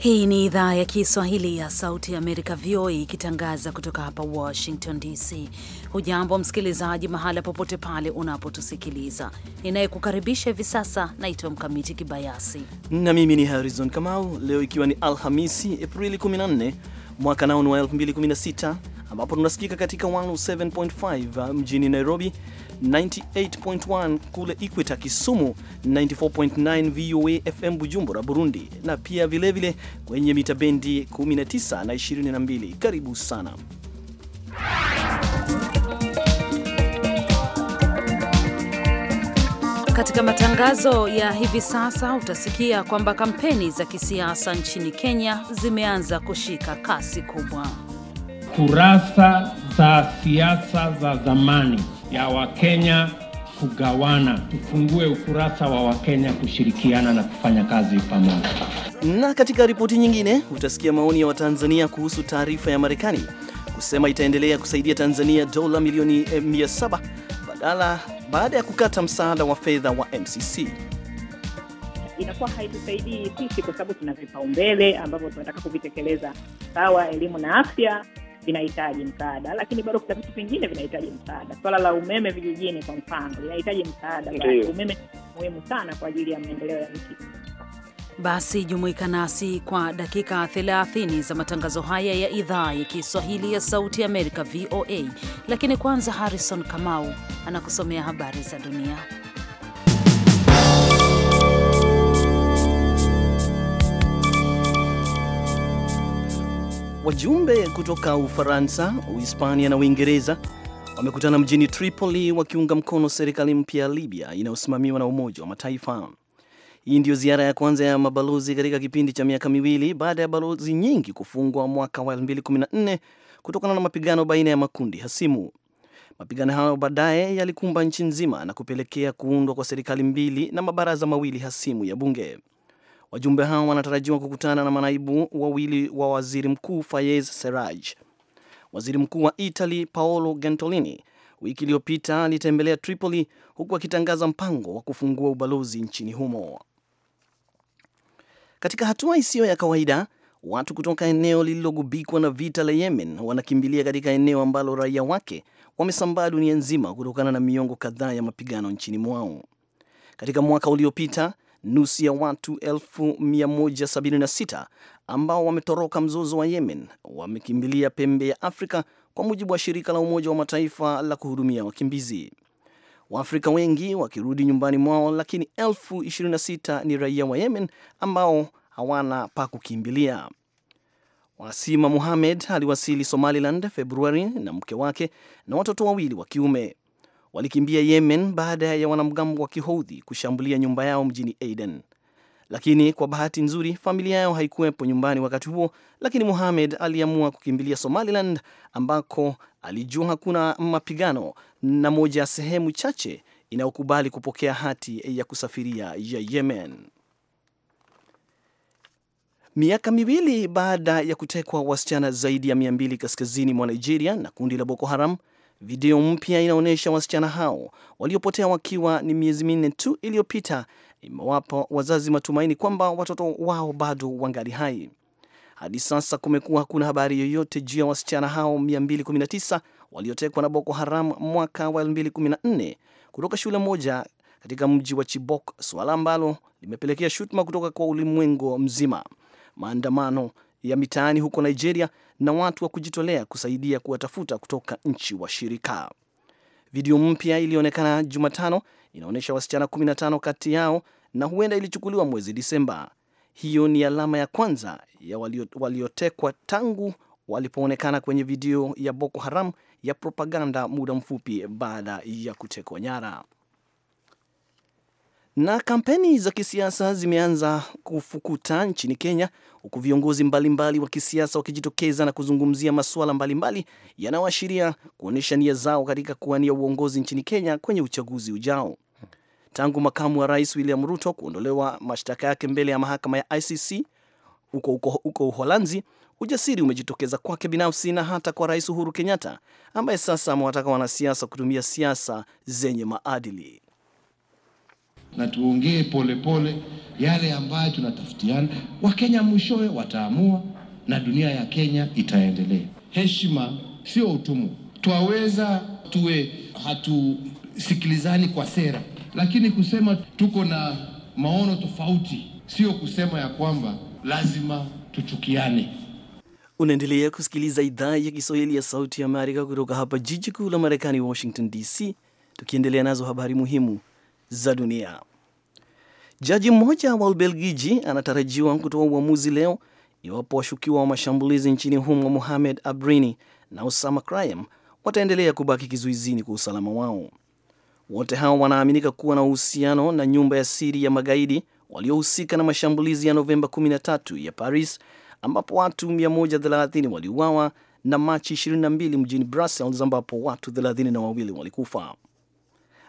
Hii ni idhaa ya Kiswahili ya Sauti ya Amerika, VOA, ikitangaza kutoka hapa Washington DC. Hujambo msikilizaji, mahala popote pale unapotusikiliza. Ninayekukaribisha hivi sasa naitwa Mkamiti Kibayasi na mimi ni Harrison Kamau. Leo ikiwa ni Alhamisi, Aprili 14 mwaka nao ni wa 2016, ambapo tunasikika katika 107.5 ah, mjini Nairobi 98.1 kule Ikweta Kisumu, 94.9 VOA FM Bujumbura, Burundi, na pia vilevile vile kwenye mita bendi 19 na 22. Karibu sana. Katika matangazo ya hivi sasa utasikia kwamba kampeni za kisiasa nchini Kenya zimeanza kushika kasi kubwa. Kurasa za siasa za zamani ya Wakenya kugawana. Tufungue ukurasa wa Wakenya kushirikiana na kufanya kazi pamoja. Na katika ripoti nyingine utasikia maoni ya Watanzania kuhusu taarifa ya Marekani kusema itaendelea kusaidia Tanzania dola milioni 700 eh, badala baada ya kukata msaada wa fedha wa MCC. Inakuwa haitusaidii sisi kwa sababu tuna vipaumbele ambavyo tunataka kuvitekeleza, sawa, elimu na afya vinahitaji msaada, lakini bado kuna vitu vingine vinahitaji msaada. Swala la umeme vijijini kwa mfano linahitaji msaada. Umeme muhimu sana kwa ajili ya maendeleo ya nchi. Basi jumuika nasi kwa dakika 30 za matangazo haya ya idhaa ya Kiswahili ya Sauti Amerika, VOA. Lakini kwanza, Harrison Kamau anakusomea habari za dunia. Wajumbe kutoka Ufaransa, Uhispania na Uingereza wamekutana mjini Tripoli wakiunga mkono serikali mpya ya Libya inayosimamiwa na Umoja wa Mataifa. Hii ndiyo ziara ya kwanza ya mabalozi katika kipindi cha miaka miwili baada ya balozi nyingi kufungwa mwaka wa 2014 kutokana na mapigano baina ya makundi hasimu. Mapigano hayo baadaye yalikumba nchi nzima na kupelekea kuundwa kwa serikali mbili na mabaraza mawili hasimu ya bunge. Wajumbe hao wanatarajiwa kukutana na manaibu wawili wa waziri mkuu Fayez Seraj. Waziri mkuu wa Italy Paolo gentolini wiki iliyopita alitembelea Tripoli huku akitangaza mpango wa kufungua ubalozi nchini humo. Katika hatua isiyo ya kawaida, watu kutoka eneo lililogubikwa na vita la Yemen wanakimbilia katika eneo ambalo raia wake wamesambaa dunia nzima kutokana na miongo kadhaa ya mapigano nchini mwao. Katika mwaka uliopita nusu ya watu 176 ambao wametoroka mzozo wa Yemen wamekimbilia pembe ya Afrika, kwa mujibu wa shirika la Umoja wa Mataifa la kuhudumia wakimbizi. Waafrika wengi wakirudi nyumbani mwao, lakini 26 ni raia wa Yemen ambao hawana pa kukimbilia. Wasima Muhamed aliwasili Somaliland Februari na mke wake na watoto wawili wa kiume walikimbia Yemen baada ya wanamgambo wa Kihoudhi kushambulia nyumba yao mjini Aden. Lakini kwa bahati nzuri familia yao haikuwepo nyumbani wakati huo, lakini muhamed aliamua kukimbilia Somaliland ambako alijua hakuna mapigano na moja ya sehemu chache inayokubali kupokea hati ya kusafiria ya Yemen. Miaka miwili baada ya kutekwa wasichana zaidi ya mia mbili kaskazini mwa Nigeria na kundi la Boko Haram, Video mpya inaonyesha wasichana hao waliopotea wakiwa ni miezi minne tu iliyopita, imewapa wazazi matumaini kwamba watoto wao bado wangali hai. Hadi sasa kumekuwa hakuna habari yoyote juu ya wasichana hao 219 waliotekwa na Boko Haram mwaka wa 2014 kutoka shule moja katika mji wa Chibok, suala ambalo limepelekea shutuma kutoka kwa ulimwengu mzima. Maandamano ya mitaani huko Nigeria na watu wa kujitolea kusaidia kuwatafuta kutoka nchi washirika. Video mpya iliyoonekana Jumatano inaonyesha wasichana 15 kati yao na huenda ilichukuliwa mwezi Disemba. Hiyo ni alama ya kwanza ya waliotekwa tangu walipoonekana kwenye video ya Boko Haram ya propaganda muda mfupi baada ya kutekwa nyara. Na kampeni za kisiasa zimeanza kufukuta nchini Kenya, huku viongozi mbalimbali wa kisiasa wakijitokeza na kuzungumzia masuala mbalimbali yanayoashiria kuonyesha nia zao katika kuwania uongozi nchini Kenya kwenye uchaguzi ujao. Tangu makamu wa rais William Ruto kuondolewa mashtaka yake mbele ya mahakama ya ICC huko huko huko Uholanzi, ujasiri umejitokeza kwake binafsi na hata kwa Rais Uhuru Kenyatta ambaye sasa amewataka wanasiasa kutumia siasa zenye maadili na tuongee polepole yale ambayo tunatafutiana. Wakenya mwishowe wataamua na dunia ya Kenya itaendelea. Heshima sio utumwa. Twaweza tuwe hatusikilizani kwa sera, lakini kusema tuko na maono tofauti sio kusema ya kwamba lazima tuchukiane. Unaendelea kusikiliza idhaa ya Kiswahili ya Sauti ya Amerika kutoka hapa jiji kuu la Marekani, Washington DC, tukiendelea nazo habari muhimu za dunia. Jaji mmoja wa Ubelgiji anatarajiwa kutoa uamuzi leo iwapo washukiwa wa mashambulizi nchini humo Mohamed Abrini na Osama Krayem wataendelea kubaki kizuizini kwa usalama wao. Wote hao wanaaminika kuwa na uhusiano na nyumba ya siri ya magaidi waliohusika na mashambulizi ya Novemba 13 ya Paris ambapo watu 130 waliuawa na Machi 22 mjini Brussels ambapo watu 32 walikufa.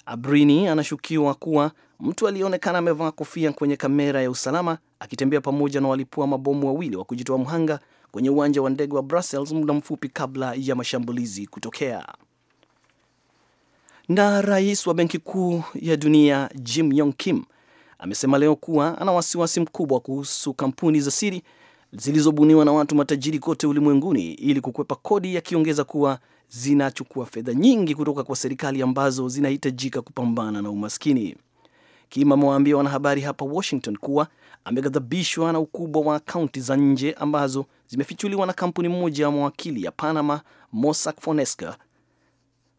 Abrini anashukiwa kuwa mtu aliyeonekana amevaa kofia kwenye kamera ya usalama akitembea pamoja na walipua mabomu wawili wa kujitoa mhanga kwenye uwanja wa ndege wa Brussels muda mfupi kabla ya mashambulizi kutokea. Na rais wa Benki Kuu ya Dunia Jim Yong Kim amesema leo kuwa ana wasiwasi mkubwa kuhusu kampuni za siri zilizobuniwa na watu matajiri kote ulimwenguni ili kukwepa kodi, yakiongeza kuwa zinachukua fedha nyingi kutoka kwa serikali ambazo zinahitajika kupambana na umaskini. Kima amewaambia wanahabari hapa Washington kuwa ameghadhabishwa na ukubwa wa akaunti za nje ambazo zimefichuliwa na kampuni moja ya mawakili ya Panama, Mossack Fonseca,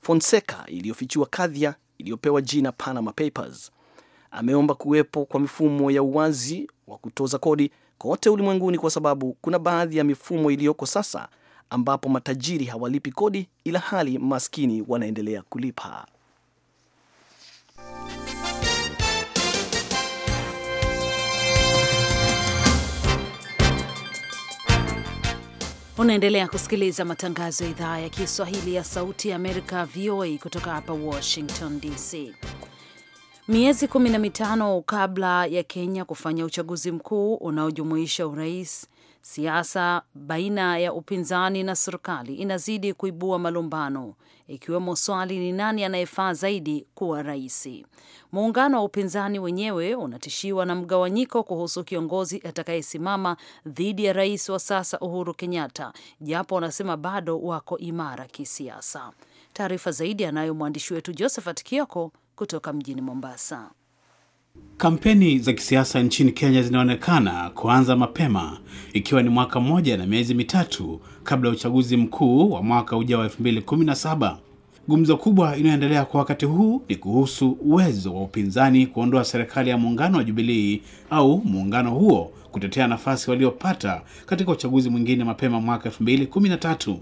Fonseca iliyofichua kadhia iliyopewa jina Panama Papers. Ameomba kuwepo kwa mifumo ya uwazi wa kutoza kodi kote ulimwenguni kwa sababu kuna baadhi ya mifumo iliyoko sasa ambapo matajiri hawalipi kodi ila hali maskini wanaendelea kulipa. Unaendelea kusikiliza matangazo ya idhaa ya Kiswahili ya Sauti ya Amerika, VOA, kutoka hapa Washington DC. Miezi kumi na mitano kabla ya Kenya kufanya uchaguzi mkuu unaojumuisha urais Siasa baina ya upinzani na serikali inazidi kuibua malumbano, ikiwemo swali ni nani anayefaa zaidi kuwa rais. Muungano wa upinzani wenyewe unatishiwa na mgawanyiko kuhusu kiongozi atakayesimama dhidi ya rais wa sasa Uhuru Kenyatta, japo wanasema bado wako imara kisiasa. Taarifa zaidi anayo mwandishi wetu Josephat Kioko kutoka mjini Mombasa. Kampeni za kisiasa nchini Kenya zinaonekana kuanza mapema ikiwa ni mwaka mmoja na miezi mitatu kabla ya uchaguzi mkuu wa mwaka ujao wa 2017. Gumzo kubwa inayoendelea kwa wakati huu ni kuhusu uwezo wa upinzani kuondoa serikali ya muungano wa Jubilii au muungano huo kutetea nafasi waliopata katika uchaguzi mwingine mapema mwaka 2013.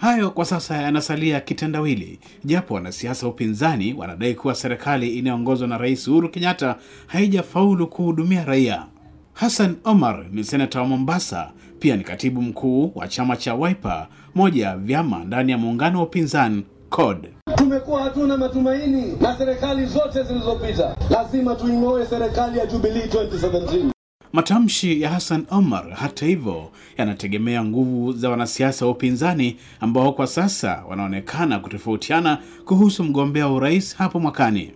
Hayo kwa sasa yanasalia kitendawili, japo wanasiasa wa upinzani wanadai kuwa serikali inayoongozwa na Rais Uhuru Kenyatta haijafaulu kuhudumia raia. Hassan Omar ni seneta wa Mombasa, pia ni katibu mkuu wa chama cha Wiper, moja ya vyama ndani ya muungano wa upinzani CORD. Tumekuwa hatuna matumaini na serikali zote zilizopita, lazima tuing'oe serikali ya Jubilee 2017. Matamshi ya Hassan Omar, hata hivyo, yanategemea nguvu za wanasiasa wa upinzani ambao kwa sasa wanaonekana kutofautiana kuhusu mgombea wa urais hapo mwakani.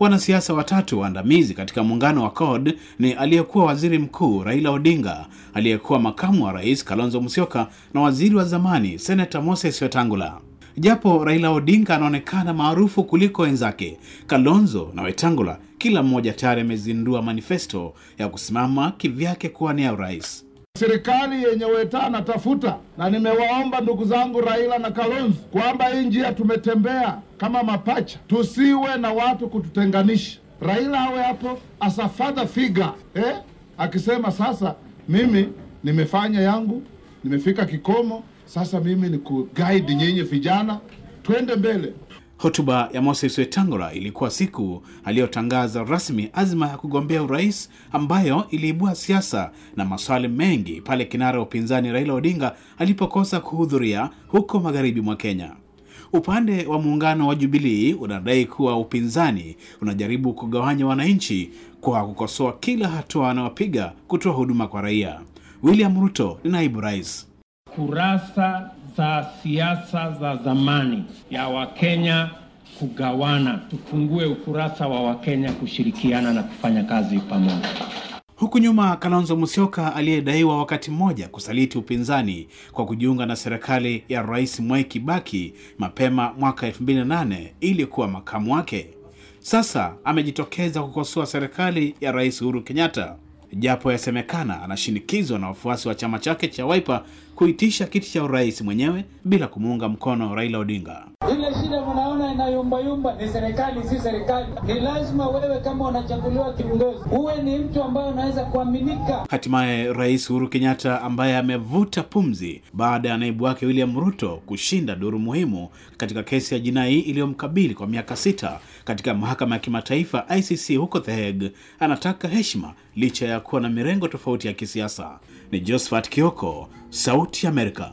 Wanasiasa watatu waandamizi katika muungano wa CORD ni aliyekuwa waziri mkuu Raila Odinga, aliyekuwa makamu wa rais Kalonzo Musyoka na waziri wa zamani Senata Moses Wetangula. Japo Raila Odinga anaonekana maarufu kuliko wenzake, Kalonzo na Wetangula kila mmoja tayari amezindua manifesto ya kusimama kivyake kuwania urais. Serikali yenye weta tafuta, na nimewaomba ndugu zangu Raila na Kalonzo kwamba hii njia tumetembea kama mapacha, tusiwe na watu kututenganisha. Raila awe hapo asafadha figa eh, akisema sasa mimi nimefanya yangu, nimefika kikomo, sasa mimi ni kuguide nyinyi vijana, twende mbele. Hotuba ya Moses Wetangula ilikuwa siku aliyotangaza rasmi azma ya kugombea urais, ambayo iliibua siasa na maswali mengi pale kinara wa upinzani Raila Odinga alipokosa kuhudhuria huko magharibi mwa Kenya. Upande wa muungano wa Jubilii unadai kuwa upinzani unajaribu kugawanya wananchi kwa kukosoa kila hatua anayopiga kutoa huduma kwa raia. William Ruto ni naibu rais kurasa za siasa za zamani ya Wakenya kugawana. Tufungue ukurasa wa Wakenya kushirikiana na kufanya kazi pamoja. Huku nyuma Kalonzo Musyoka aliyedaiwa wakati mmoja kusaliti upinzani kwa kujiunga na serikali ya Rais Mwai Kibaki mapema mwaka 2008 ili kuwa makamu wake, sasa amejitokeza kukosoa serikali ya Rais Uhuru Kenyatta japo yasemekana anashinikizwa na wafuasi wa chama chake cha Wiper kuitisha kiti cha urais mwenyewe bila kumuunga mkono Raila Odinga yumbayumba ni serikali, si serikali. Ni lazima wewe kama unachaguliwa kiongozi uwe ni mtu ambaye unaweza kuaminika. Hatimaye Rais Uhuru Kenyatta ambaye amevuta pumzi baada ya naibu wake William Ruto kushinda duru muhimu katika kesi ya jinai iliyomkabili kwa miaka sita katika mahakama ya kimataifa ICC huko The Hague, anataka heshima licha ya kuwa na mirengo tofauti ya kisiasa. Ni Josephat Kioko, Sauti ya Amerika.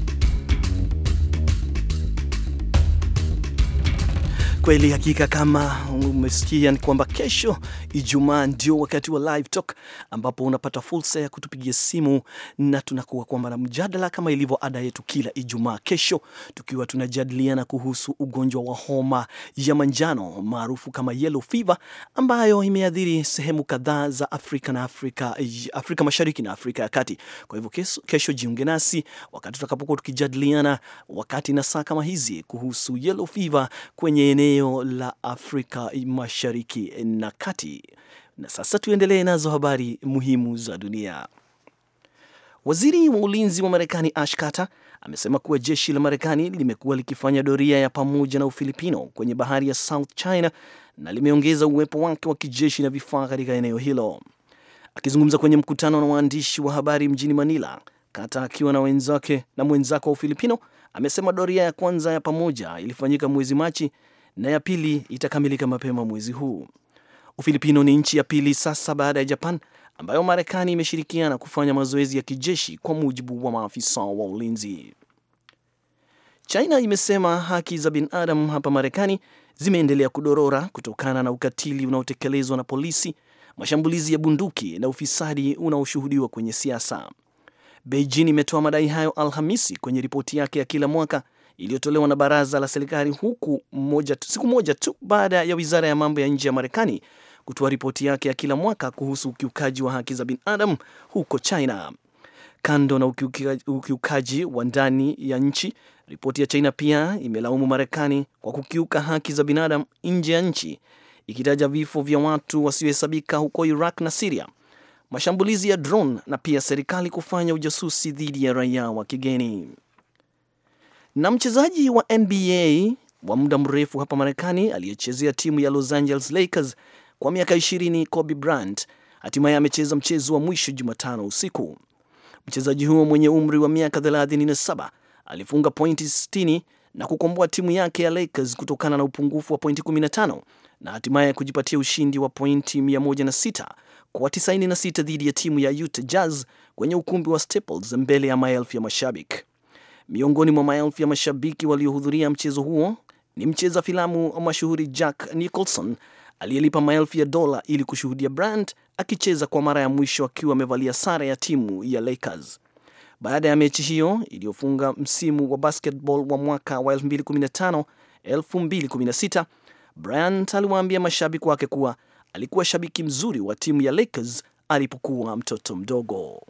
Kweli hakika, kama umesikia ni kwamba kesho Ijumaa ndio wakati wa live talk, ambapo unapata fursa ya kutupigia simu na tunakuwa kwamba na mjadala kama ilivyo ada yetu kila Ijumaa. Kesho tukiwa tunajadiliana kuhusu ugonjwa wa homa ya manjano maarufu kama yellow fever, ambayo imeathiri sehemu kadhaa za Afrika na Afrika, Afrika Mashariki na Afrika ya Kati. Kwa hivyo kesho, kesho jiunge nasi wakati tutakapokuwa tukijadiliana wakati na saa kama hizi kuhusu yellow fever kwenye eneo eneo la Afrika Mashariki na Kati. Na sasa tuendelee nazo habari muhimu za dunia. Waziri wa ulinzi wa Marekani Ash Carter amesema kuwa jeshi la Marekani limekuwa likifanya doria ya pamoja na Ufilipino kwenye bahari ya South China na limeongeza uwepo wake wa kijeshi na vifaa katika eneo hilo. Akizungumza kwenye mkutano na waandishi wa habari mjini Manila, kata akiwa na wenzake na mwenzako wa Ufilipino amesema doria ya kwanza ya pamoja ilifanyika mwezi Machi na ya pili itakamilika mapema mwezi huu. Ufilipino ni nchi ya pili sasa baada ya Japan ambayo Marekani imeshirikiana kufanya mazoezi ya kijeshi, kwa mujibu wa maafisa wa ulinzi. China imesema haki za binadamu hapa Marekani zimeendelea kudorora kutokana na ukatili unaotekelezwa na polisi, mashambulizi ya bunduki na ufisadi unaoshuhudiwa kwenye siasa. Beijing imetoa madai hayo Alhamisi kwenye ripoti yake ya kila mwaka iliyotolewa na baraza la serikali huku moja, siku moja tu baada ya wizara ya mambo ya nje ya Marekani kutoa ripoti yake ya kila mwaka kuhusu ukiukaji wa haki za binadamu huko China. Kando na ukiukaji wa ndani ya nchi, ripoti ya China pia imelaumu Marekani kwa kukiuka haki za binadamu nje ya nchi, ikitaja vifo vya watu wasiohesabika huko Iraq na Siria, mashambulizi ya drone na pia serikali kufanya ujasusi dhidi ya raia wa kigeni. Na mchezaji wa NBA wa muda mrefu hapa Marekani aliyechezea timu ya Los Angeles Lakers kwa miaka 20 Kobe Bryant hatimaye amecheza mchezo wa mwisho Jumatano usiku. Mchezaji huo mwenye umri wa miaka 37 alifunga pointi 60 na kukomboa timu yake ya Lakers kutokana na upungufu wa pointi 15 na hatimaye kujipatia ushindi wa pointi 106 kwa 96 dhidi ya timu ya Utah Jazz kwenye ukumbi wa Staples mbele ya maelfu ya mashabiki. Miongoni mwa maelfu ya mashabiki waliohudhuria mchezo huo ni mcheza filamu mashuhuri Jack Nicholson aliyelipa maelfu ya dola ili kushuhudia Brand akicheza kwa mara ya mwisho akiwa amevalia sare ya timu ya Lakers. Baada ya mechi hiyo iliyofunga msimu wa basketball wa mwaka wa 2015 2016, aliwaambia mashabiki wake kuwa alikuwa shabiki mzuri wa timu ya Lakers alipokuwa mtoto mdogo.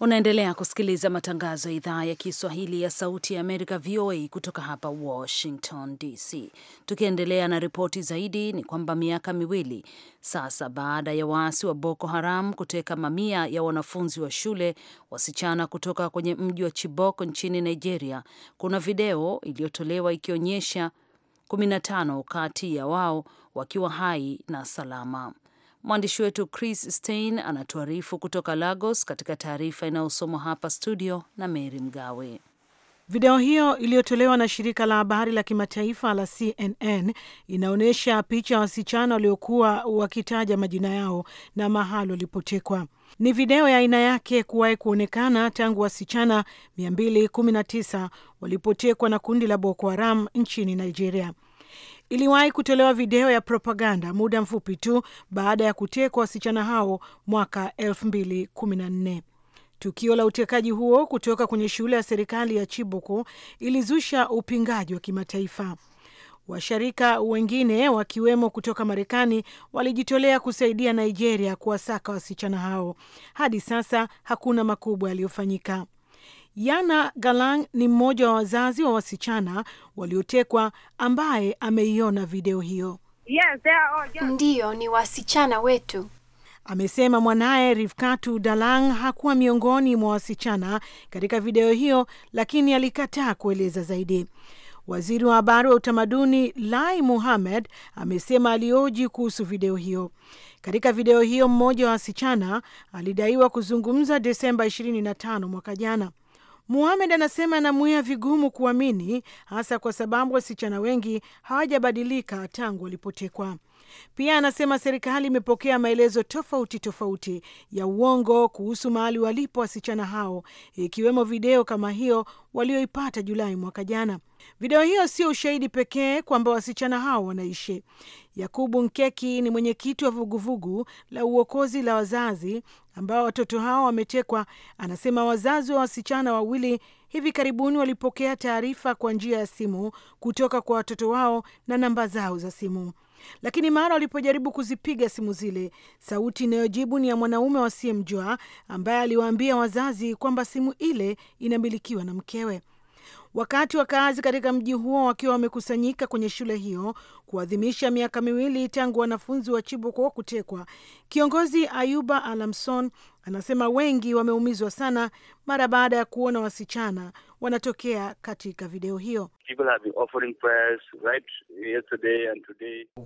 Unaendelea kusikiliza matangazo ya idhaa ya Kiswahili ya Sauti ya Amerika, VOA, kutoka hapa Washington DC. Tukiendelea na ripoti zaidi, ni kwamba miaka miwili sasa baada ya waasi wa Boko Haram kuteka mamia ya wanafunzi wa shule wasichana kutoka kwenye mji wa Chibok nchini Nigeria, kuna video iliyotolewa ikionyesha 15 kati ya wao wakiwa hai na salama. Mwandishi wetu Chris Stein anatuarifu kutoka Lagos, katika taarifa inayosomwa hapa studio na Mary Mgawe. Video hiyo iliyotolewa na shirika la habari la kimataifa la CNN inaonyesha picha ya wasichana waliokuwa wakitaja majina yao na mahali walipotekwa. Ni video ya aina yake kuwahi kuonekana tangu wasichana 219 walipotekwa na kundi la Boko Haram nchini Nigeria. Iliwahi kutolewa video ya propaganda muda mfupi tu baada ya kutekwa wasichana hao mwaka 2014. Tukio la utekaji huo kutoka kwenye shule ya serikali ya Chiboko ilizusha upingaji wa kimataifa. Washarika wengine wakiwemo kutoka Marekani walijitolea kusaidia Nigeria kuwasaka wasichana hao. Hadi sasa hakuna makubwa yaliyofanyika. Yana Galang ni mmoja wa wazazi wa wasichana waliotekwa ambaye ameiona video hiyo. Yes, ndiyo ni wasichana wetu. Amesema mwanaye Rifkatu Dalang hakuwa miongoni mwa wasichana katika video hiyo, lakini alikataa kueleza zaidi. Waziri wa habari wa utamaduni Lai Muhamed amesema alioji kuhusu video hiyo. Katika video hiyo, mmoja wa wasichana alidaiwa kuzungumza Desemba 25 mwaka jana. Muhamed anasema anamwia vigumu kuamini, hasa kwa sababu wasichana wengi hawajabadilika tangu walipotekwa. Pia anasema serikali imepokea maelezo tofauti tofauti ya uongo kuhusu mahali walipo wasichana hao, ikiwemo video kama hiyo walioipata Julai mwaka jana. Video hiyo sio ushahidi pekee kwamba wasichana hao wanaishi. Yakubu Nkeki ni mwenyekiti wa vuguvugu la uokozi la wazazi ambao watoto hao wametekwa. Anasema wazazi wa wasichana wawili hivi karibuni walipokea taarifa kwa njia ya simu kutoka kwa watoto wao na namba zao za simu. Lakini mara walipojaribu kuzipiga simu zile, sauti inayojibu ni ya mwanaume wasiyemjua ambaye aliwaambia wazazi kwamba simu ile inamilikiwa na mkewe wakati wakazi katika mji huo wakiwa wamekusanyika kwenye shule hiyo kuadhimisha miaka miwili tangu wanafunzi wa Chibuko kutekwa. Kiongozi Ayuba Alamson anasema wengi wameumizwa sana mara baada ya kuona wasichana wanatokea katika video hiyo.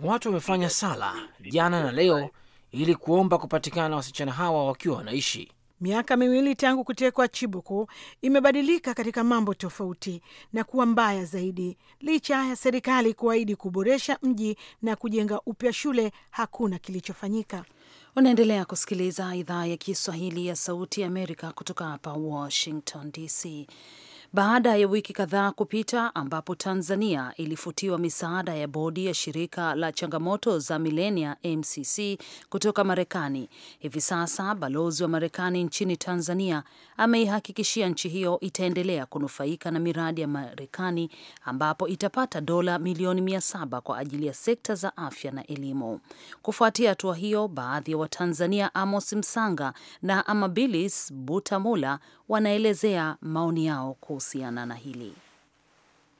watu wamefanya sala jana na leo ili kuomba kupatikana wasichana hawa wakiwa wanaishi. Miaka miwili tangu kutekwa Chibuku imebadilika katika mambo tofauti na kuwa mbaya zaidi. Licha ya serikali kuahidi kuboresha mji na kujenga upya shule, hakuna kilichofanyika. Unaendelea kusikiliza idhaa ya Kiswahili ya Sauti ya Amerika kutoka hapa Washington DC baada ya wiki kadhaa kupita ambapo Tanzania ilifutiwa misaada ya bodi ya shirika la changamoto za milenia MCC kutoka Marekani. Hivi sasa balozi wa Marekani nchini Tanzania ameihakikishia nchi hiyo itaendelea kunufaika na miradi ya Marekani ambapo itapata dola milioni mia saba kwa ajili ya sekta za afya na elimu. Kufuatia hatua hiyo, baadhi ya wa Watanzania Amos Msanga na Amabilis Butamula wanaelezea maoni yao kuhusiana na hili.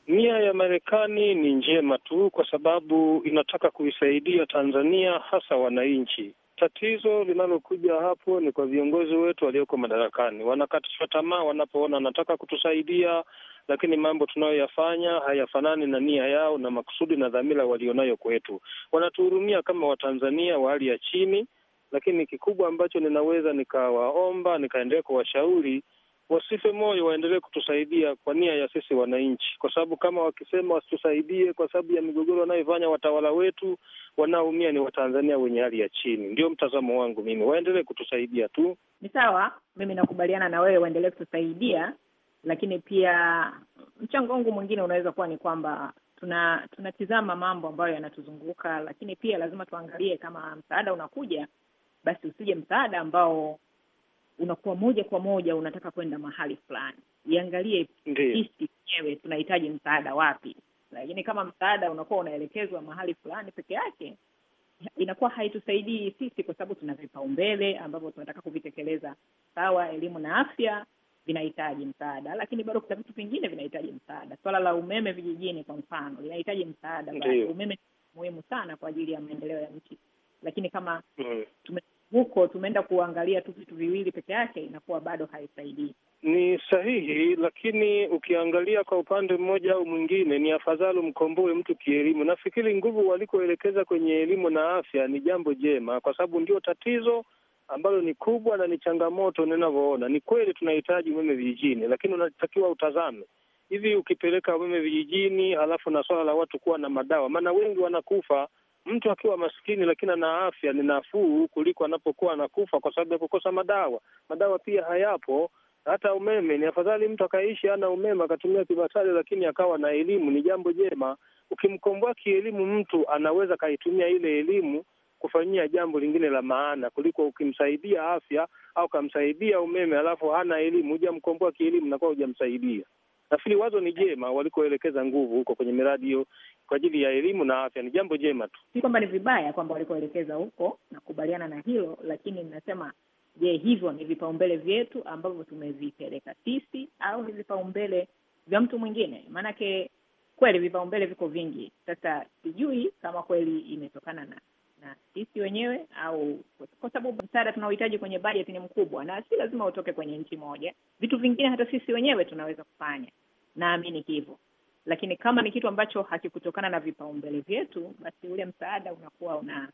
Nia ya Marekani ni njema tu, kwa sababu inataka kuisaidia Tanzania, hasa wananchi. Tatizo linalokuja hapo ni kwa viongozi wetu walioko madarakani, wanakatishwa tamaa wanapoona wanataka kutusaidia, lakini mambo tunayoyafanya hayafanani na nia yao na makusudi na dhamira walionayo kwetu. Wanatuhurumia kama Watanzania wa hali ya chini, lakini kikubwa ambacho ninaweza nikawaomba, nikaendelea kuwashauri wasife moyo, waendelee kutusaidia kwa nia ya sisi wananchi, kwa sababu kama wakisema wasitusaidie kwa sababu ya migogoro wanayoifanya watawala wetu, wanaoumia ni Watanzania wenye hali ya chini. Ndio mtazamo wangu mimi, waendelee kutusaidia tu. Ni sawa, mimi nakubaliana na wewe, waendelee kutusaidia, lakini pia mchango wangu mwingine unaweza kuwa ni kwamba tuna tunatizama mambo ambayo yanatuzunguka, lakini pia lazima tuangalie kama msaada unakuja, basi usije msaada ambao unakuwa moja kwa moja unataka kwenda mahali fulani. Iangalie sisi wenyewe tunahitaji msaada wapi, lakini kama msaada unakuwa unaelekezwa mahali fulani peke yake inakuwa haitusaidii sisi, kwa sababu tuna vipaumbele ambavyo tunataka kuvitekeleza. Sawa, elimu na afya vinahitaji msaada, lakini bado kuna vitu vingine vinahitaji msaada. Swala la umeme vijijini, kwa mfano, linahitaji msaada. Umeme ni muhimu sana kwa ajili ya maendeleo ya nchi, lakini kama mm, tume huko tumeenda kuangalia tu vitu viwili peke yake, inakuwa bado haisaidii. Ni sahihi, lakini ukiangalia kwa upande mmoja au mwingine, ni afadhali umkomboe mtu kielimu. Nafikiri nguvu walikoelekeza kwenye elimu na afya ni jambo jema, kwa sababu ndio tatizo ambalo ni kubwa na ni changamoto ninavyoona. Ni kweli tunahitaji umeme vijijini, lakini unatakiwa utazame hivi, ukipeleka umeme vijijini halafu na swala la watu kuwa na madawa, maana wengi wanakufa mtu akiwa maskini lakini ana afya ni nafuu kuliko anapokuwa anakufa kwa sababu ya kukosa madawa. Madawa pia hayapo, hata umeme. Ni afadhali mtu akaishi ana umeme akatumia kibatari, lakini akawa na elimu, ni jambo jema. Ukimkomboa kielimu, mtu anaweza akaitumia ile elimu kufanyia jambo lingine la maana kuliko ukimsaidia afya au ukamsaidia umeme, alafu hana elimu, hujamkomboa kielimu, nakuwa hujamsaidia. Nafikiri wazo ni jema, walikoelekeza nguvu huko kwenye miradi hiyo kwa ajili ya elimu na afya ni jambo jema tu, si kwamba ni vibaya kwamba walikoelekeza huko, nakubaliana na hilo, lakini ninasema je, hivyo ni vipaumbele vyetu ambavyo tumevipeleka sisi au ni vipaumbele vya mtu mwingine? Maanake kweli vipaumbele viko vingi. Sasa sijui kama kweli imetokana na na sisi wenyewe au kwa sababu msaada tunaohitaji kwenye bajeti ni mkubwa, na si lazima utoke kwenye nchi moja. Vitu vingine hata sisi wenyewe tunaweza kufanya, naamini hivyo. Lakini kama ni kitu ambacho hakikutokana na vipaumbele vyetu, basi ule msaada unakuwa una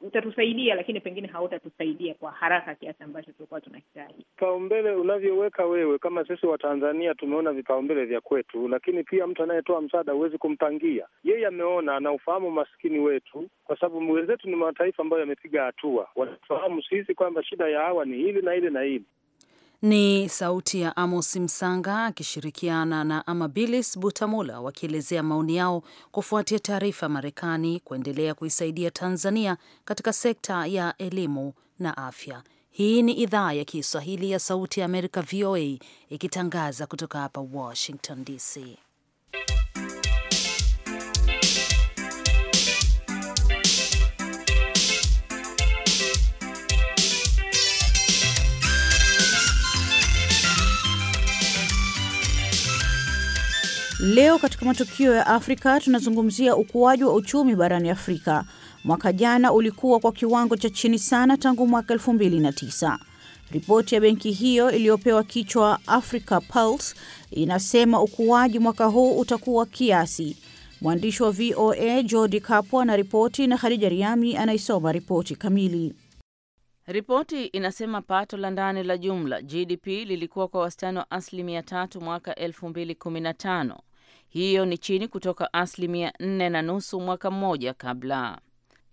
utatusaidia, lakini pengine hautatusaidia kwa haraka kiasi ambacho tulikuwa tunahitaji. Vipaumbele unavyoweka wewe, kama sisi Watanzania tumeona vipaumbele vya kwetu, lakini pia mtu anayetoa msaada huwezi kumpangia yeye. Ameona na ufahamu maskini wetu, kwa sababu wenzetu ni mataifa ambayo yamepiga hatua, wanafahamu sisi kwamba shida ya hawa ni hili na hili na hili. Ni sauti ya Amos Msanga akishirikiana na Amabilis Butamula wakielezea maoni yao kufuatia taarifa Marekani kuendelea kuisaidia Tanzania katika sekta ya elimu na afya. Hii ni idhaa ya Kiswahili ya Sauti ya Amerika, VOA, ikitangaza kutoka hapa Washington DC. Leo katika matukio ya Afrika tunazungumzia ukuaji wa uchumi barani Afrika. Mwaka jana ulikuwa kwa kiwango cha chini sana tangu mwaka 2009. Ripoti ya benki hiyo iliyopewa kichwa Africa Pulse inasema ukuaji mwaka huu utakuwa kiasi. Mwandishi wa VOA Jordi Kapo anaripoti na Khadija Riami anaisoma ripoti kamili. Ripoti inasema pato la ndani la jumla GDP lilikuwa kwa wastani wa asilimia tatu mwaka 2015 hiyo ni chini kutoka asilimia nne na nusu mwaka mmoja kabla.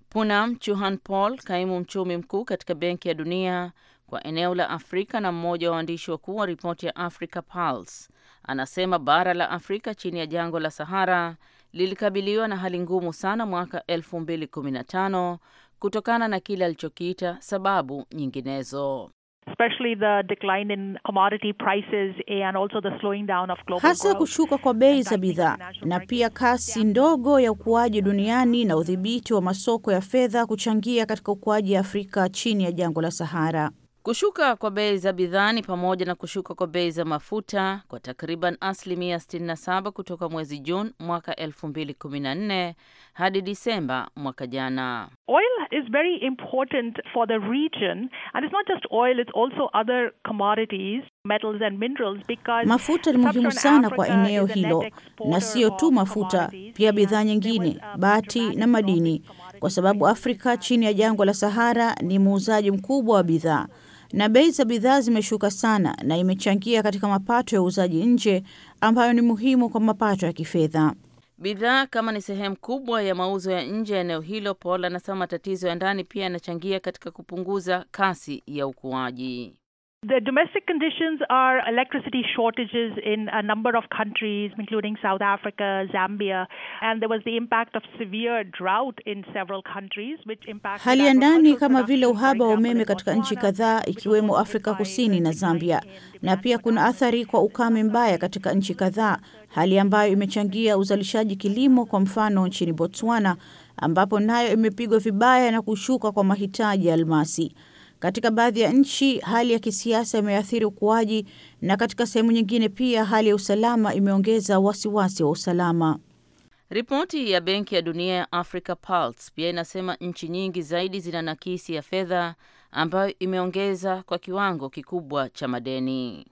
Punam Chuhan Paul, kaimu mchumi mkuu katika Benki ya Dunia kwa eneo la Afrika na mmoja wa waandishi wakuu wa ripoti ya Africa Pulse, anasema bara la Afrika chini ya jangwa la Sahara lilikabiliwa na hali ngumu sana mwaka 2015 kutokana na kile alichokiita sababu nyinginezo especially the decline in commodity prices and also the slowing down of global hasa kushuka kwa bei za bidhaa na pia kasi ndogo ya ukuaji duniani na udhibiti wa masoko ya fedha kuchangia katika ukuaji Afrika chini ya jangwa la Sahara. Kushuka kwa bei za bidhaa ni pamoja na kushuka kwa bei za mafuta kwa takriban asilimia 67 kutoka mwezi Juni mwaka 2014 hadi Disemba mwaka jana. Oil is very important for the region and it's not just oil, it's also other commodities, metals and minerals because mafuta ni muhimu sana kwa eneo hilo na siyo tu mafuta, pia bidhaa nyingine, uh, bati na madini, kwa sababu Afrika uh, chini ya jangwa la Sahara ni muuzaji mkubwa wa bidhaa na bei za bidhaa zimeshuka sana na imechangia katika mapato ya uuzaji nje ambayo ni muhimu kwa mapato ya kifedha. Bidhaa kama ni sehemu kubwa ya mauzo ya nje ya eneo hilo, Paul anasema matatizo ya ndani pia yanachangia katika kupunguza kasi ya ukuaji. The domestic conditions are electricity shortages in a number of countries, including South Africa, Zambia, and there was the impact of severe drought in several countries which impacted. Hali ya ndani kama vile uhaba wa umeme katika nchi kadhaa ikiwemo Afrika Kusini na Zambia, na pia kuna athari kwa ukame mbaya katika nchi kadhaa, hali ambayo imechangia uzalishaji kilimo, kwa mfano nchini Botswana ambapo nayo imepigwa vibaya na kushuka kwa mahitaji ya almasi. Katika baadhi ya nchi hali ya kisiasa imeathiri ukuaji, na katika sehemu nyingine pia hali ya usalama imeongeza wasiwasi wa usalama. Ripoti ya Benki ya Dunia ya Africa Pulse pia inasema nchi nyingi zaidi zina nakisi ya fedha ambayo imeongeza kwa kiwango kikubwa cha madeni.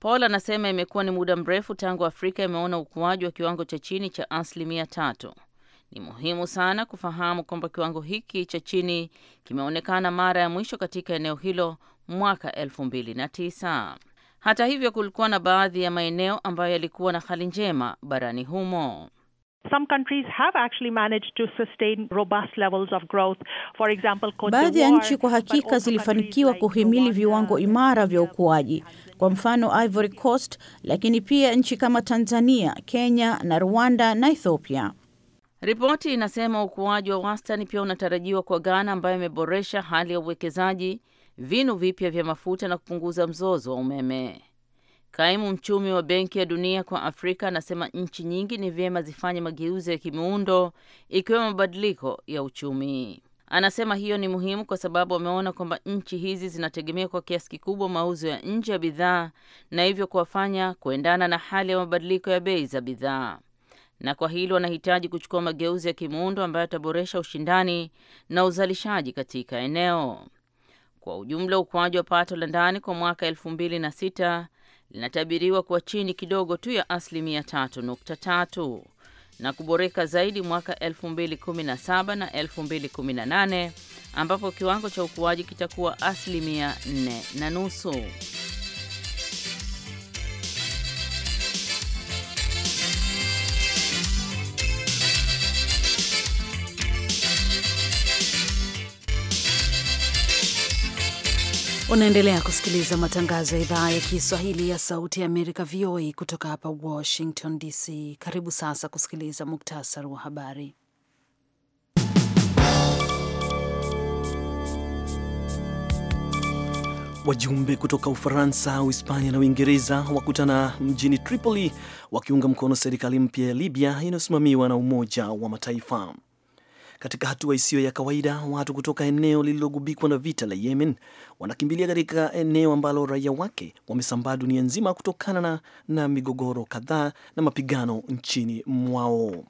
Paul anasema imekuwa ni muda mrefu tangu Afrika imeona ukuaji wa kiwango cha chini cha asilimia tatu ni muhimu sana kufahamu kwamba kiwango hiki cha chini kimeonekana mara ya mwisho katika eneo hilo mwaka elfu mbili na tisa. Hata hivyo, kulikuwa na baadhi ya maeneo ambayo yalikuwa na hali njema barani humo. Baadhi ya nchi kwa hakika zilifanikiwa kuhimili viwango imara vya ukuaji, kwa mfano Ivory Coast, lakini pia nchi kama Tanzania, Kenya na Rwanda na Ethiopia. Ripoti inasema ukuaji wa wastani pia unatarajiwa kwa Ghana ambayo imeboresha hali ya uwekezaji, vinu vipya vya mafuta na kupunguza mzozo wa umeme. Kaimu mchumi wa Benki ya Dunia kwa Afrika anasema nchi nyingi ni vyema zifanye mageuzi ya kimuundo ikiwemo mabadiliko ya uchumi. Anasema hiyo ni muhimu kwa sababu wameona kwamba nchi hizi zinategemea kwa kiasi kikubwa mauzo ya nje ya bidhaa na hivyo kuwafanya kuendana na hali ya mabadiliko ya bei za bidhaa na kwa hilo wanahitaji kuchukua mageuzi ya kimuundo ambayo yataboresha ushindani na uzalishaji katika eneo. Kwa ujumla, ukuaji wa pato la ndani kwa mwaka elfu mbili na sita linatabiriwa kuwa chini kidogo tu ya asilimia tatu nukta tatu na kuboreka zaidi mwaka 2017 na 2018 ambapo kiwango cha ukuaji kitakuwa asilimia 4 na nusu. Unaendelea kusikiliza matangazo ya idhaa ya Kiswahili ya Sauti ya Amerika, VOA, kutoka hapa Washington DC. Karibu sasa kusikiliza muktasari wa habari. Wajumbe kutoka Ufaransa, Uhispania na Uingereza wakutana mjini Tripoli wakiunga mkono serikali mpya ya Libya inayosimamiwa na Umoja wa Mataifa. Katika hatua isiyo ya kawaida, watu kutoka eneo lililogubikwa na vita la Yemen wanakimbilia katika eneo ambalo raia wake wamesambaa dunia nzima kutokana na, na migogoro kadhaa na mapigano nchini mwao.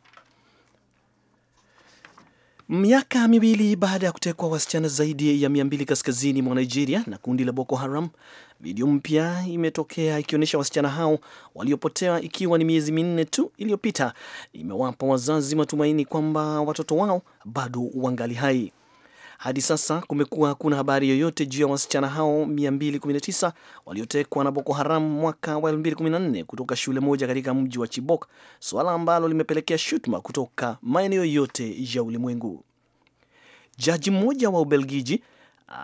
Miaka miwili baada ya kutekwa wasichana zaidi ya mia mbili kaskazini mwa Nigeria na kundi la Boko Haram, video mpya imetokea ikionyesha wasichana hao waliopotea ikiwa ni miezi minne tu iliyopita, imewapa wazazi matumaini kwamba watoto wao bado wangali hai. Hadi sasa kumekuwa hakuna habari yoyote juu ya wasichana hao 219 waliotekwa na Boko Haram mwaka wa 2014 kutoka shule moja katika mji wa Chibok, suala ambalo limepelekea shutuma kutoka maeneo yote ya ulimwengu. Jaji mmoja wa Ubelgiji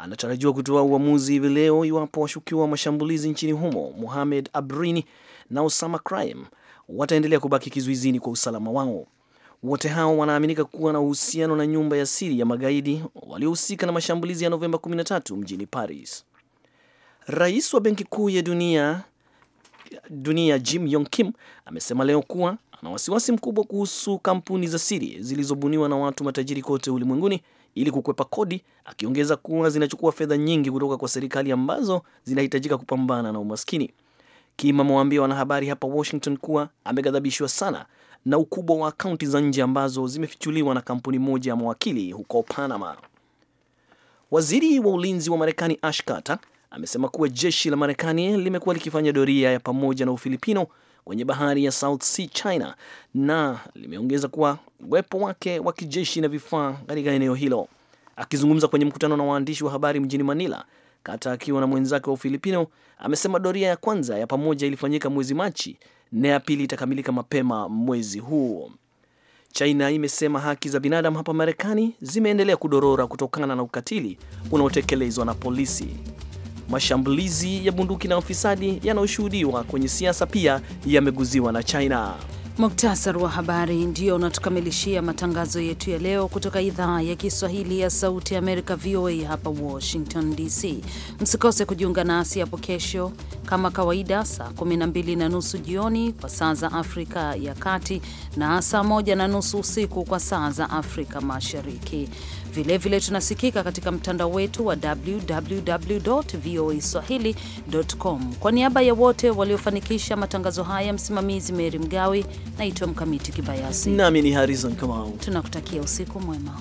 anatarajiwa kutoa uamuzi hivi leo iwapo washukiwa wa mashambulizi nchini humo Mohamed Abrini na Osama Krayem wataendelea kubaki kizuizini kwa usalama wao. Wote hao wanaaminika kuwa na uhusiano na nyumba ya siri ya magaidi waliohusika na mashambulizi ya Novemba 13 mjini Paris. Rais wa Benki Kuu ya Dunia dunia Jim Yong Kim amesema leo kuwa ana wasiwasi mkubwa kuhusu kampuni za siri zilizobuniwa na watu matajiri kote ulimwenguni ili kukwepa kodi, akiongeza kuwa zinachukua fedha nyingi kutoka kwa serikali ambazo zinahitajika kupambana na umaskini. Kim amewaambia wanahabari hapa Washington kuwa ameghadhabishwa sana na ukubwa wa akaunti za nje ambazo zimefichuliwa na kampuni moja ya mawakili huko Panama. Waziri wa ulinzi wa Marekani Ash Carter amesema kuwa jeshi la Marekani limekuwa likifanya doria ya pamoja na Ufilipino kwenye bahari ya South Sea China, na limeongeza kuwa uwepo wake wa kijeshi na vifaa katika eneo hilo. Akizungumza kwenye mkutano na waandishi wa habari mjini Manila, kata akiwa na mwenzake wa Ufilipino amesema doria ya kwanza ya pamoja ilifanyika mwezi Machi na ya pili itakamilika mapema mwezi huu. China imesema haki za binadamu hapa Marekani zimeendelea kudorora kutokana na ukatili unaotekelezwa na polisi. Mashambulizi ya bunduki na ufisadi yanayoshuhudiwa kwenye siasa pia yameguziwa na China. Muktasar wa habari ndio unatukamilishia matangazo yetu ya leo kutoka idhaa ya Kiswahili ya Sauti ya Amerika, VOA hapa Washington DC. Msikose kujiunga nasi hapo kesho kama kawaida, saa 12 na nusu jioni kwa saa za Afrika ya Kati na saa 1 na nusu usiku kwa saa za Afrika Mashariki. Vilevile vile tunasikika katika mtandao wetu wa www voa swahili.com. Kwa niaba ya wote waliofanikisha matangazo haya, msimamizi Meri Mgawi, naitwa Mkamiti Kibayasi nami ni Harizon Kamau, tunakutakia usiku mwema.